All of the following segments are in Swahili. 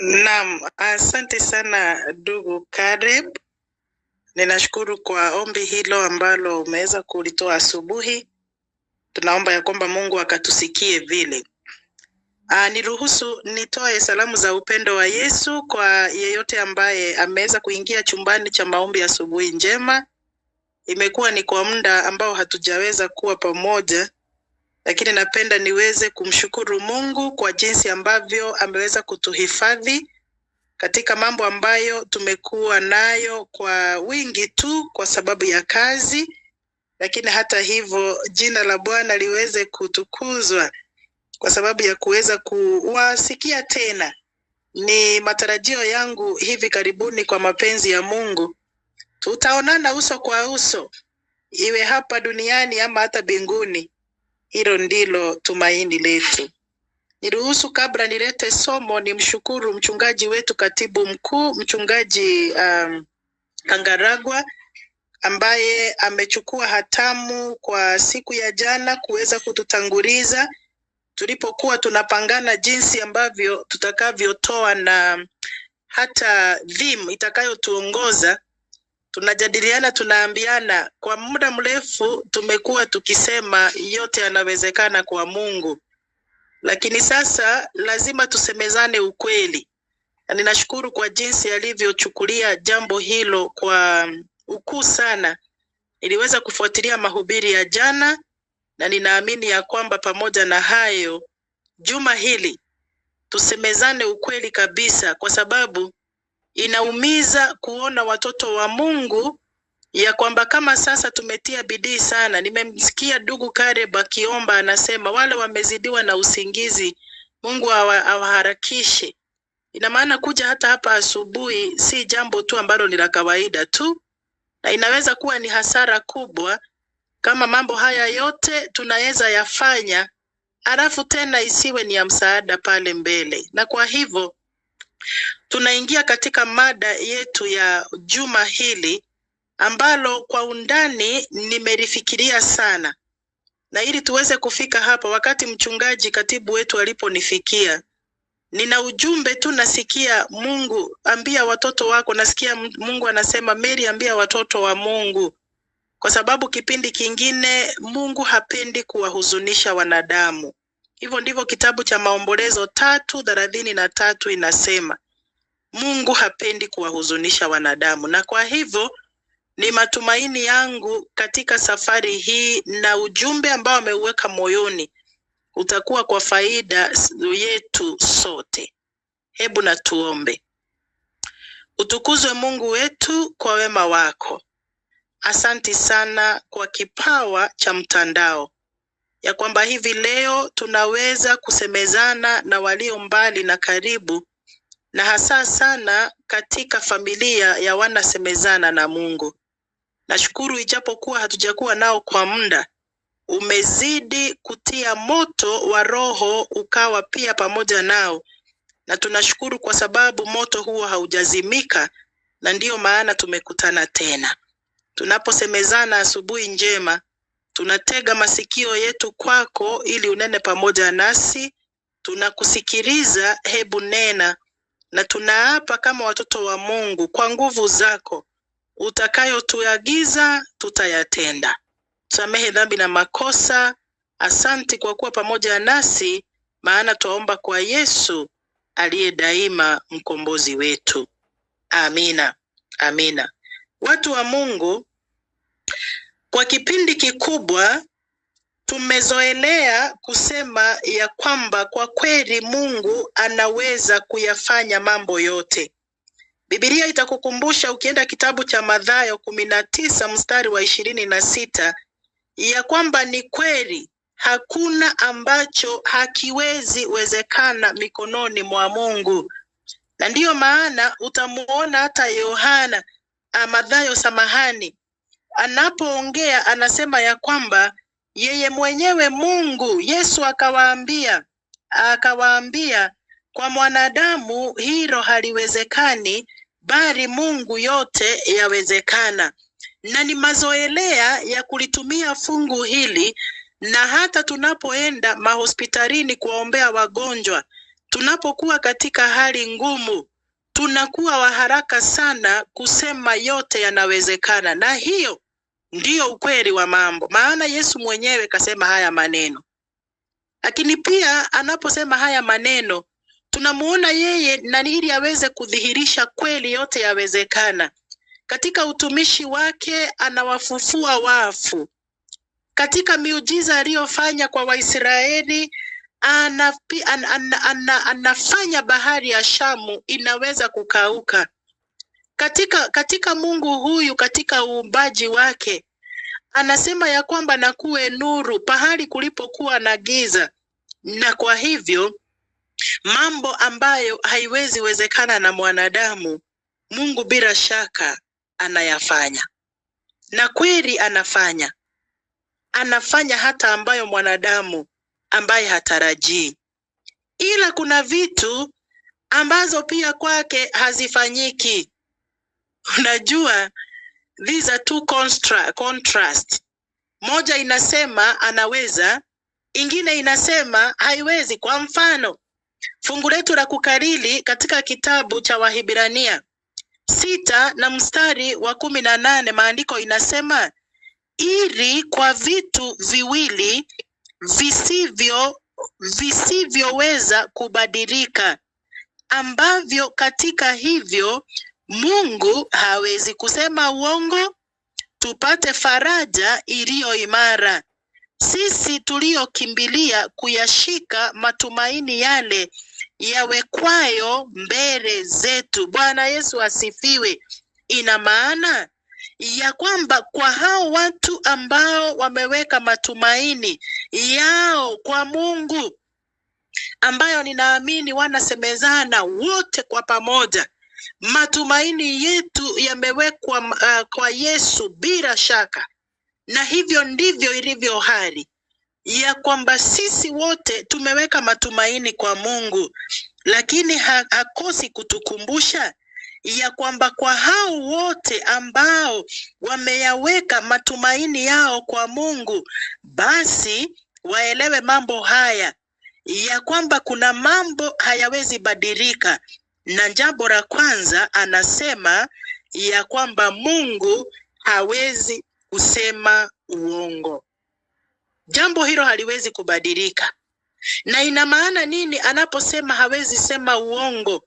Naam, asante sana ndugu Kareb, ninashukuru kwa ombi hilo ambalo umeweza kulitoa asubuhi. Tunaomba ya kwamba Mungu akatusikie vile. Ah, niruhusu nitoe salamu za upendo wa Yesu kwa yeyote ambaye ameweza kuingia chumbani cha maombi asubuhi njema. Imekuwa ni kwa muda ambao hatujaweza kuwa pamoja lakini napenda niweze kumshukuru Mungu kwa jinsi ambavyo ameweza kutuhifadhi katika mambo ambayo tumekuwa nayo kwa wingi tu kwa sababu ya kazi, lakini hata hivyo jina la Bwana liweze kutukuzwa kwa sababu ya kuweza kuwasikia tena. Ni matarajio yangu hivi karibuni, kwa mapenzi ya Mungu, tutaonana uso kwa uso, iwe hapa duniani ama hata binguni. Hilo ndilo tumaini letu. Niruhusu kabla nilete somo, ni mshukuru mchungaji wetu katibu mkuu, mchungaji um, Kangaragwa ambaye amechukua hatamu kwa siku ya jana kuweza kututanguliza tulipokuwa tunapangana jinsi ambavyo tutakavyotoa na hata dhim itakayotuongoza tunajadiliana, tunaambiana. Kwa muda mrefu tumekuwa tukisema yote yanawezekana kwa Mungu, lakini sasa lazima tusemezane ukweli. na Ninashukuru kwa jinsi alivyochukulia jambo hilo kwa ukuu sana. Niliweza kufuatilia mahubiri ya jana na ninaamini ya kwamba pamoja na hayo, juma hili tusemezane ukweli kabisa, kwa sababu Inaumiza kuona watoto wa Mungu ya kwamba kama sasa tumetia bidii sana. Nimemsikia ndugu Kareb akiomba, anasema wale wamezidiwa na usingizi, Mungu awaharakishi. Ina maana kuja hata hapa asubuhi si jambo tu ambalo ni la kawaida tu, na inaweza kuwa ni hasara kubwa kama mambo haya yote tunaweza yafanya, alafu tena isiwe ni ya msaada pale mbele. Na kwa hivyo Tunaingia katika mada yetu ya juma hili ambalo kwa undani nimelifikiria sana, na ili tuweze kufika hapa, wakati mchungaji katibu wetu aliponifikia, nina ujumbe tu nasikia, Mungu ambia watoto wako, nasikia Mungu anasema, Mary ambia watoto wa Mungu, kwa sababu kipindi kingine Mungu hapendi kuwahuzunisha wanadamu. Hivyo ndivyo kitabu cha Maombolezo tatu thelathini na tatu inasema, Mungu hapendi kuwahuzunisha wanadamu, na kwa hivyo ni matumaini yangu katika safari hii na ujumbe ambao ameuweka moyoni utakuwa kwa faida yetu sote. Hebu na tuombe. Utukuzwe Mungu wetu kwa wema wako. Asanti sana kwa kipawa cha mtandao ya kwamba hivi leo tunaweza kusemezana na walio mbali na karibu, na hasa sana katika familia ya wanasemezana na Mungu. Nashukuru ijapokuwa hatujakuwa nao kwa muda, umezidi kutia moto wa Roho ukawa pia pamoja nao, na tunashukuru kwa sababu moto huo haujazimika, na ndiyo maana tumekutana tena tunaposemezana asubuhi njema Tunatega masikio yetu kwako ili unene pamoja nasi. Tunakusikiliza, hebu nena. Na tunaapa kama watoto wa Mungu kwa nguvu zako, utakayotuagiza tutayatenda. Samehe dhambi na makosa. Asanti kwa kuwa pamoja nasi, maana twaomba kwa Yesu aliye daima mkombozi wetu. Amina, amina. Watu wa Mungu, kwa kipindi kikubwa tumezoelea kusema ya kwamba kwa kweli Mungu anaweza kuyafanya mambo yote. Biblia itakukumbusha ukienda kitabu cha Mathayo kumi na tisa mstari wa ishirini na sita ya kwamba ni kweli hakuna ambacho hakiwezi wezekana mikononi mwa Mungu, na ndiyo maana utamuona hata Yohana ah, Mathayo, samahani anapoongea anasema ya kwamba yeye mwenyewe Mungu Yesu akawaambia akawaambia kwa mwanadamu hilo haliwezekani, bali Mungu yote yawezekana. Na ni mazoelea ya kulitumia fungu hili, na hata tunapoenda mahospitalini kuwaombea wagonjwa, tunapokuwa katika hali ngumu, tunakuwa wa haraka sana kusema yote yanawezekana, na hiyo ndiyo ukweli wa mambo, maana Yesu mwenyewe kasema haya maneno. Lakini pia anaposema haya maneno tunamuona yeye na ili aweze kudhihirisha kweli yote yawezekana. Katika utumishi wake anawafufua wafu, katika miujiza aliyofanya kwa Waisraeli anapi, an, an, an, anafanya bahari ya Shamu inaweza kukauka. Katika, katika Mungu huyu katika uumbaji wake anasema ya kwamba na kuwe nuru pahali kulipokuwa na giza, na kwa hivyo mambo ambayo haiwezi wezekana na mwanadamu Mungu bila shaka anayafanya, na kweli anafanya, anafanya hata ambayo mwanadamu ambaye hatarajii, ila kuna vitu ambazo pia kwake hazifanyiki. Unajua, these are two contra contrast. Moja inasema anaweza, ingine inasema haiwezi. Kwa mfano, fungu letu la kukariri katika kitabu cha Wahibrania sita na mstari wa kumi na nane maandiko inasema ili kwa vitu viwili visivyo visivyoweza kubadilika ambavyo katika hivyo Mungu hawezi kusema uongo, tupate faraja iliyo imara sisi tuliyokimbilia kuyashika matumaini yale yawekwayo mbele zetu. Bwana Yesu asifiwe. Ina maana ya kwamba kwa hao watu ambao wameweka matumaini yao kwa Mungu, ambayo ninaamini wanasemezana wote kwa pamoja, matumaini yetu yamewekwa uh, kwa Yesu bila shaka, na hivyo ndivyo ilivyo hali ya kwamba sisi wote tumeweka matumaini kwa Mungu, lakini ha hakosi kutukumbusha ya kwamba kwa hao wote ambao wameyaweka matumaini yao kwa Mungu, basi waelewe mambo haya ya kwamba kuna mambo hayawezi badilika, na jambo la kwanza anasema ya kwamba Mungu hawezi kusema uongo. Jambo hilo haliwezi kubadilika. Na ina maana nini anaposema hawezi sema uongo?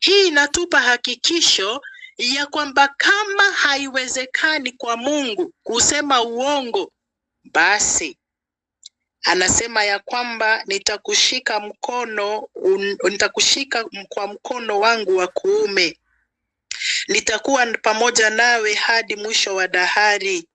Hii inatupa hakikisho ya kwamba kama haiwezekani kwa Mungu kusema uongo, basi anasema ya kwamba nitakushika mkono un, nitakushika kwa mkono wangu wa kuume, nitakuwa pamoja nawe hadi mwisho wa dahari.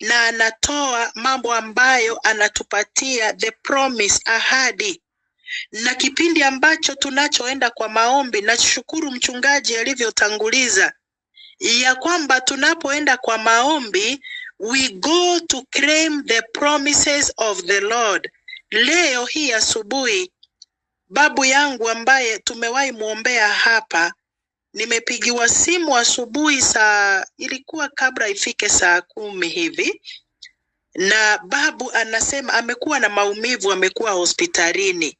Na anatoa mambo ambayo anatupatia the promise, ahadi na kipindi ambacho tunachoenda kwa maombi, nashukuru mchungaji alivyotanguliza ya kwamba tunapoenda kwa maombi we go to claim the promises of the Lord. Leo hii asubuhi babu yangu ambaye tumewahi muombea hapa, nimepigiwa simu asubuhi saa ilikuwa kabla ifike saa kumi hivi, na babu anasema amekuwa na maumivu, amekuwa hospitalini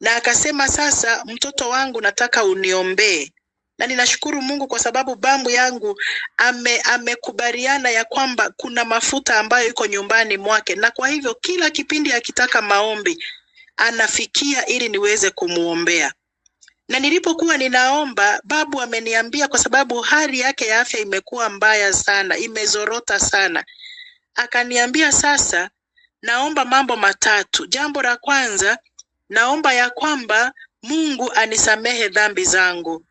na akasema, sasa mtoto wangu nataka uniombee na ninashukuru Mungu kwa sababu babu yangu ame amekubaliana ya kwamba kuna mafuta ambayo iko nyumbani mwake, na kwa hivyo kila kipindi akitaka maombi anafikia ili niweze kumuombea. Na nilipokuwa ninaomba, babu ameniambia, kwa sababu hali yake ya afya imekuwa mbaya sana, imezorota sana, akaniambia, sasa naomba mambo matatu. Jambo la kwanza Naomba ya kwamba Mungu anisamehe dhambi zangu.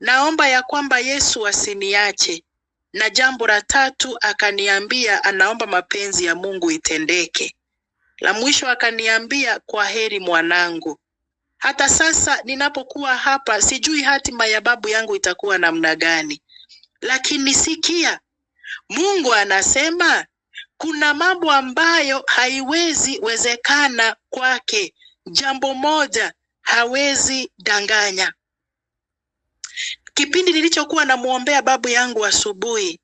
Naomba ya kwamba Yesu asiniache. Na jambo la tatu akaniambia anaomba mapenzi ya Mungu itendeke. La mwisho akaniambia kwa heri mwanangu. Hata sasa ninapokuwa hapa sijui hatima ya babu yangu itakuwa namna gani. Lakini sikia, Mungu anasema kuna mambo ambayo haiwezi wezekana kwake, jambo moja hawezi danganya. Kipindi nilichokuwa namwombea babu yangu asubuhi,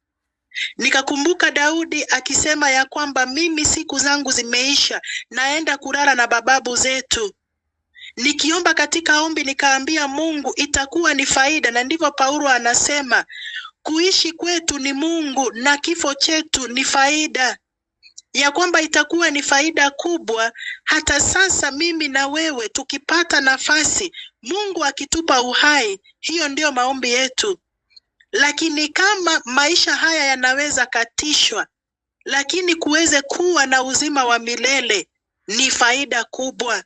nikakumbuka Daudi akisema ya kwamba mimi siku zangu zimeisha, naenda kulala na bababu zetu. Nikiomba katika ombi nikaambia Mungu itakuwa ni faida, na ndivyo Paulo anasema kuishi kwetu ni Mungu na kifo chetu ni faida ya kwamba itakuwa ni faida kubwa hata sasa mimi na wewe tukipata nafasi, Mungu akitupa uhai, hiyo ndio maombi yetu. Lakini kama maisha haya yanaweza katishwa, lakini kuweze kuwa na uzima wa milele ni faida kubwa,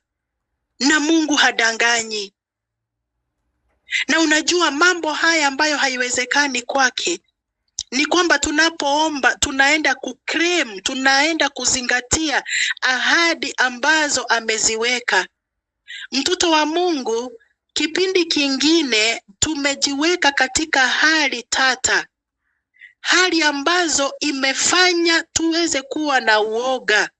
na Mungu hadanganyi. Na unajua mambo haya ambayo haiwezekani kwake ni kwamba tunapoomba tunaenda kuclaim, tunaenda kuzingatia ahadi ambazo ameziweka. Mtoto wa Mungu, kipindi kingine tumejiweka katika hali tata, hali ambazo imefanya tuweze kuwa na uoga,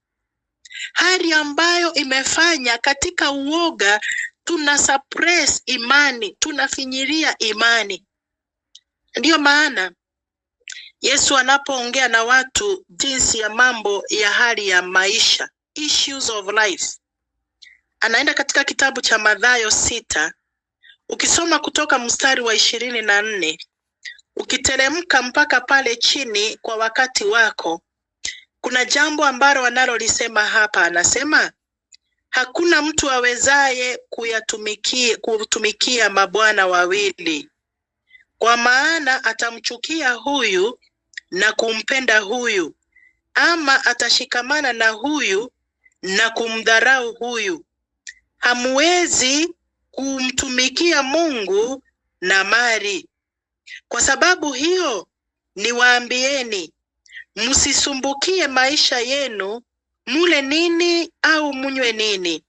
hali ambayo imefanya katika uoga tuna suppress imani, tunafinyiria imani. Ndiyo maana Yesu anapoongea na watu jinsi ya mambo ya hali ya maisha, issues of life, anaenda katika kitabu cha Mathayo sita ukisoma kutoka mstari wa ishirini na nne ukiteremka mpaka pale chini kwa wakati wako, kuna jambo ambalo analolisema hapa. Anasema hakuna mtu awezaye kuyatumikia kutumikia mabwana wawili, kwa maana atamchukia huyu na kumpenda huyu, ama atashikamana na huyu na kumdharau huyu. Hamwezi kumtumikia Mungu na mali. Kwa sababu hiyo, niwaambieni, msisumbukie maisha yenu, mule nini au munywe nini,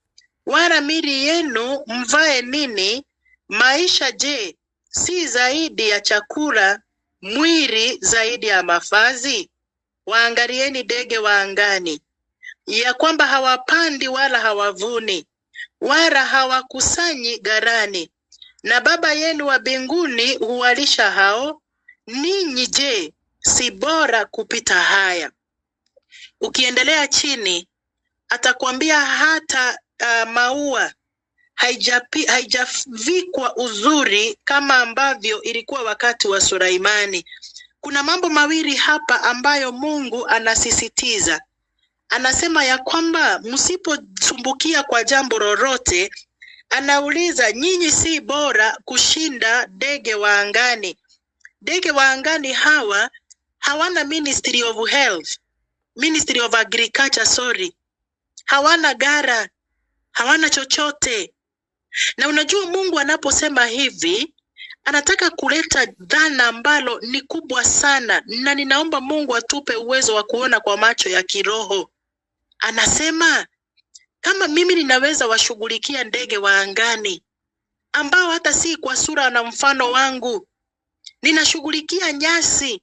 wala mili yenu mvae nini. Maisha je, si zaidi ya chakula, mwili zaidi ya mavazi? Waangalieni ndege wa angani, ya kwamba hawapandi wala hawavuni wala hawakusanyi garani, na Baba yenu wa binguni huwalisha hao. Ninyi je, si bora kupita haya? Ukiendelea chini atakwambia hata uh, maua haijapi, haijavikwa uzuri kama ambavyo ilikuwa wakati wa Sulaimani. Kuna mambo mawili hapa ambayo Mungu anasisitiza. Anasema ya kwamba msiposumbukia kwa jambo lolote, anauliza nyinyi si bora kushinda ndege wa angani. Ndege wa angani hawa hawana ministry of health, ministry of agriculture, sorry, hawana gara, hawana chochote na unajua Mungu anaposema hivi anataka kuleta dhana ambalo ni kubwa sana, na ninaomba Mungu atupe uwezo wa kuona kwa macho ya kiroho. Anasema kama mimi ninaweza washughulikia ndege wa angani ambao hata si kwa sura na mfano wangu, ninashughulikia nyasi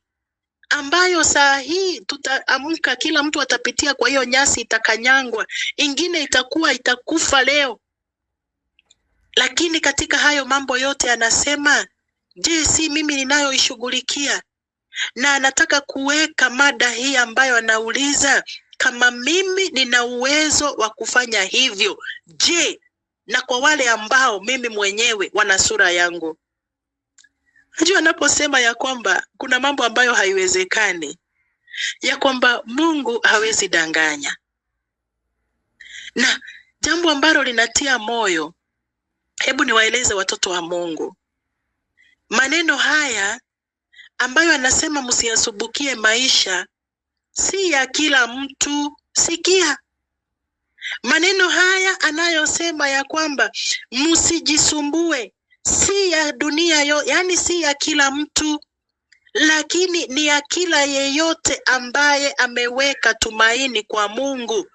ambayo saa hii tutaamka, kila mtu atapitia kwa hiyo nyasi, itakanyangwa, ingine itakuwa itakufa leo, lakini katika hayo mambo yote anasema, je, si mimi ninayoishughulikia? Na anataka kuweka mada hii ambayo anauliza kama mimi nina uwezo wa kufanya hivyo, je, na kwa wale ambao mimi mwenyewe wana sura yangu. Najua anaposema ya kwamba kuna mambo ambayo haiwezekani, ya kwamba Mungu hawezi danganya, na jambo ambalo linatia moyo Hebu niwaeleze watoto wa Mungu maneno haya ambayo anasema msiyasubukie maisha, si ya kila mtu. Sikia maneno haya anayosema ya kwamba msijisumbue, si ya dunia yo, yani si ya kila mtu, lakini ni ya kila yeyote ambaye ameweka tumaini kwa Mungu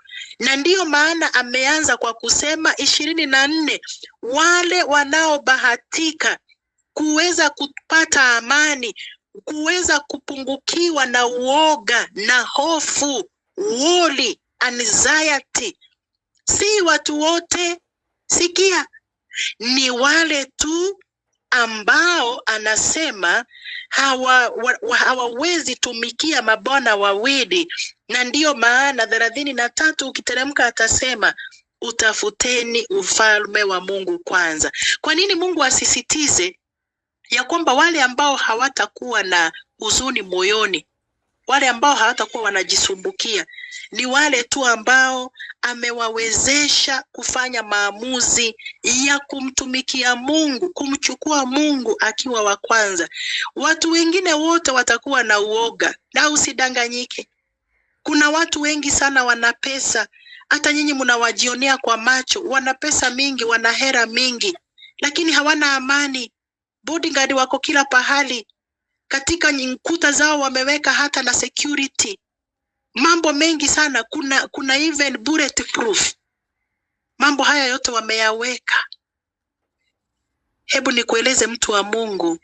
na ndiyo maana ameanza kwa kusema ishirini na nne wale wanaobahatika kuweza kupata amani, kuweza kupungukiwa na uoga na hofu, woli anxiety, si watu wote. Sikia, ni wale tu ambao anasema hawawezi hawa, hawawezi tumikia mabwana wawili, na ndiyo maana thelathini na tatu ukiteremka atasema utafuteni ufalme wa Mungu kwanza. Kwa nini Mungu asisitize ya kwamba wale ambao hawatakuwa na huzuni moyoni wale ambao hawatakuwa wanajisumbukia ni wale tu ambao amewawezesha kufanya maamuzi ya kumtumikia Mungu, kumchukua Mungu akiwa wa kwanza. Watu wengine wote watakuwa na uoga, na usidanganyike. Kuna watu wengi sana wana pesa, hata nyinyi mnawajionea kwa macho, wana pesa mingi, wana hera mingi, lakini hawana amani. Bodyguard wako kila pahali, katika kuta zao wameweka hata na security, mambo mengi sana. Kuna kuna even bulletproof, mambo haya yote wameyaweka. Hebu nikueleze mtu wa Mungu,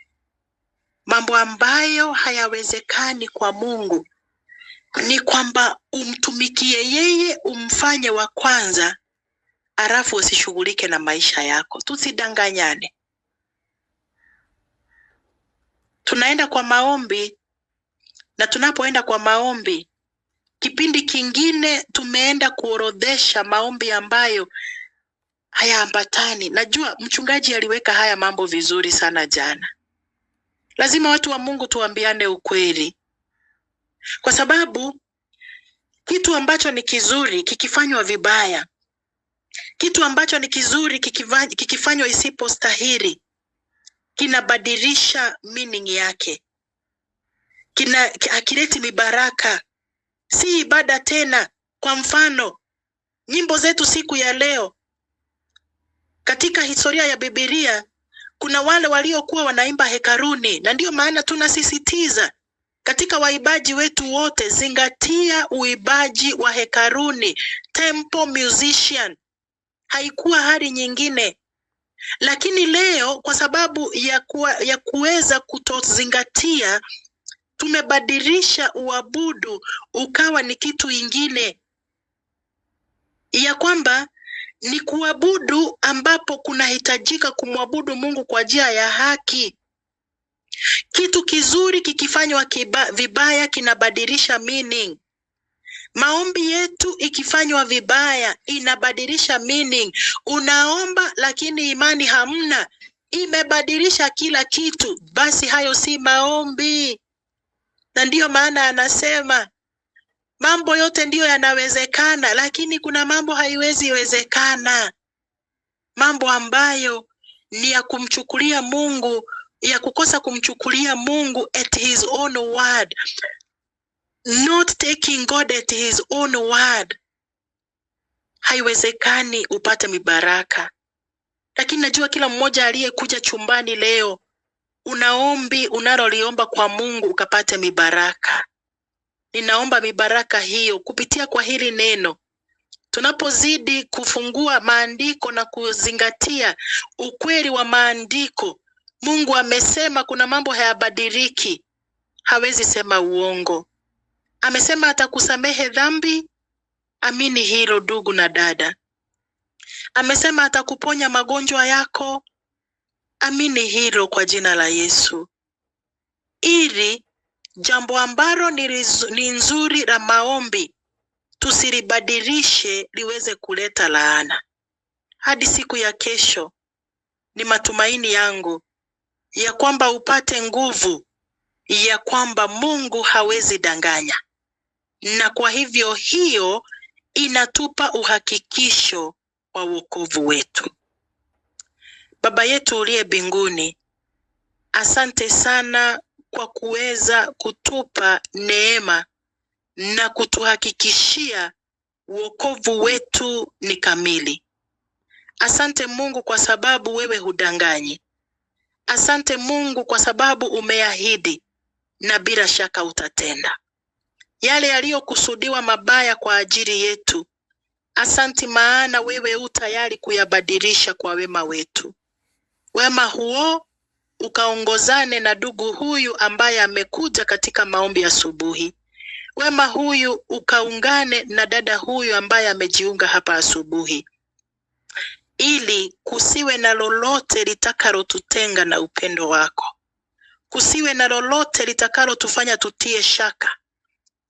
mambo ambayo hayawezekani kwa Mungu ni kwamba umtumikie yeye, umfanye wa kwanza, alafu usishughulike na maisha yako. Tusidanganyane. tunaenda kwa maombi, na tunapoenda kwa maombi, kipindi kingine tumeenda kuorodhesha maombi ambayo hayaambatani. Najua mchungaji aliweka haya mambo vizuri sana jana. Lazima watu wa Mungu tuambiane ukweli, kwa sababu kitu ambacho ni kizuri kikifanywa vibaya, kitu ambacho ni kizuri kikifanywa isipostahili kinabadilisha meaning yake, kina akileti mibaraka, si ibada tena. Kwa mfano nyimbo zetu siku ya leo, katika historia ya bibilia kuna wale waliokuwa wanaimba hekaruni, na ndiyo maana tunasisitiza katika waibaji wetu wote, zingatia uibaji wa hekaruni, temple musician, haikuwa hali nyingine. Lakini leo kwa sababu ya kuwa, ya kuweza kutozingatia tumebadilisha uabudu ukawa ni kitu ingine, ya kwamba ni kuabudu ambapo kunahitajika kumwabudu Mungu kwa njia ya haki. Kitu kizuri kikifanywa vibaya kinabadilisha meaning. Maombi yetu ikifanywa vibaya inabadilisha meaning. Unaomba lakini imani hamna, imebadilisha kila kitu, basi hayo si maombi. Na ndiyo maana anasema mambo yote ndiyo yanawezekana, lakini kuna mambo haiwezi wezekana, mambo ambayo ni ya kumchukulia Mungu ya kukosa kumchukulia Mungu at his own word not taking God at his own word. Haiwezekani upate mibaraka, lakini najua kila mmoja aliyekuja chumbani leo unaombi unaloliomba kwa Mungu ukapate mibaraka. Ninaomba mibaraka hiyo kupitia kwa hili neno. Tunapozidi kufungua maandiko na kuzingatia ukweli wa maandiko, Mungu amesema kuna mambo hayabadiliki, hawezi sema uongo amesema atakusamehe dhambi. Amini hilo ndugu na dada. Amesema atakuponya magonjwa yako. Amini hilo kwa jina la Yesu. Ili jambo ambalo ni nzuri la maombi tusilibadilishe liweze kuleta laana. Hadi siku ya kesho, ni matumaini yangu ya kwamba upate nguvu ya kwamba Mungu hawezi danganya na kwa hivyo hiyo inatupa uhakikisho wa wokovu wetu. Baba yetu uliye binguni asante sana kwa kuweza kutupa neema na kutuhakikishia wokovu wetu ni kamili. Asante Mungu kwa sababu wewe hudanganyi. Asante Mungu kwa sababu umeahidi na bila shaka utatenda yale yaliyokusudiwa mabaya kwa ajili yetu. Asanti, maana wewe u tayari kuyabadilisha kwa wema wetu. Wema huo ukaongozane na ndugu huyu ambaye amekuja katika maombi asubuhi. Wema huyu ukaungane na dada huyu ambaye amejiunga hapa asubuhi, ili kusiwe na lolote litakalotutenga na upendo wako, kusiwe na lolote litakalotufanya tutie shaka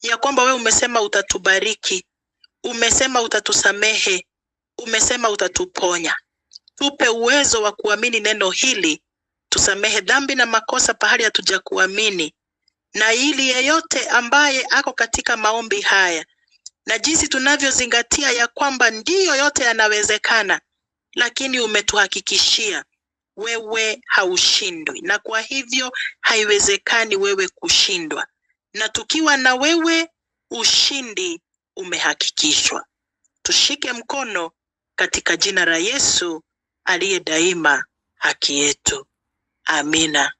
ya kwamba we umesema utatubariki, umesema utatusamehe, umesema utatuponya. Tupe uwezo wa kuamini neno hili, tusamehe dhambi na makosa pahali hatujakuamini, na ili yeyote ambaye ako katika maombi haya na jinsi tunavyozingatia ya kwamba ndiyo yote yanawezekana, lakini umetuhakikishia wewe haushindwi, na kwa hivyo haiwezekani wewe kushindwa na tukiwa na wewe ushindi umehakikishwa. Tushike mkono katika jina la Yesu aliye daima haki yetu. Amina.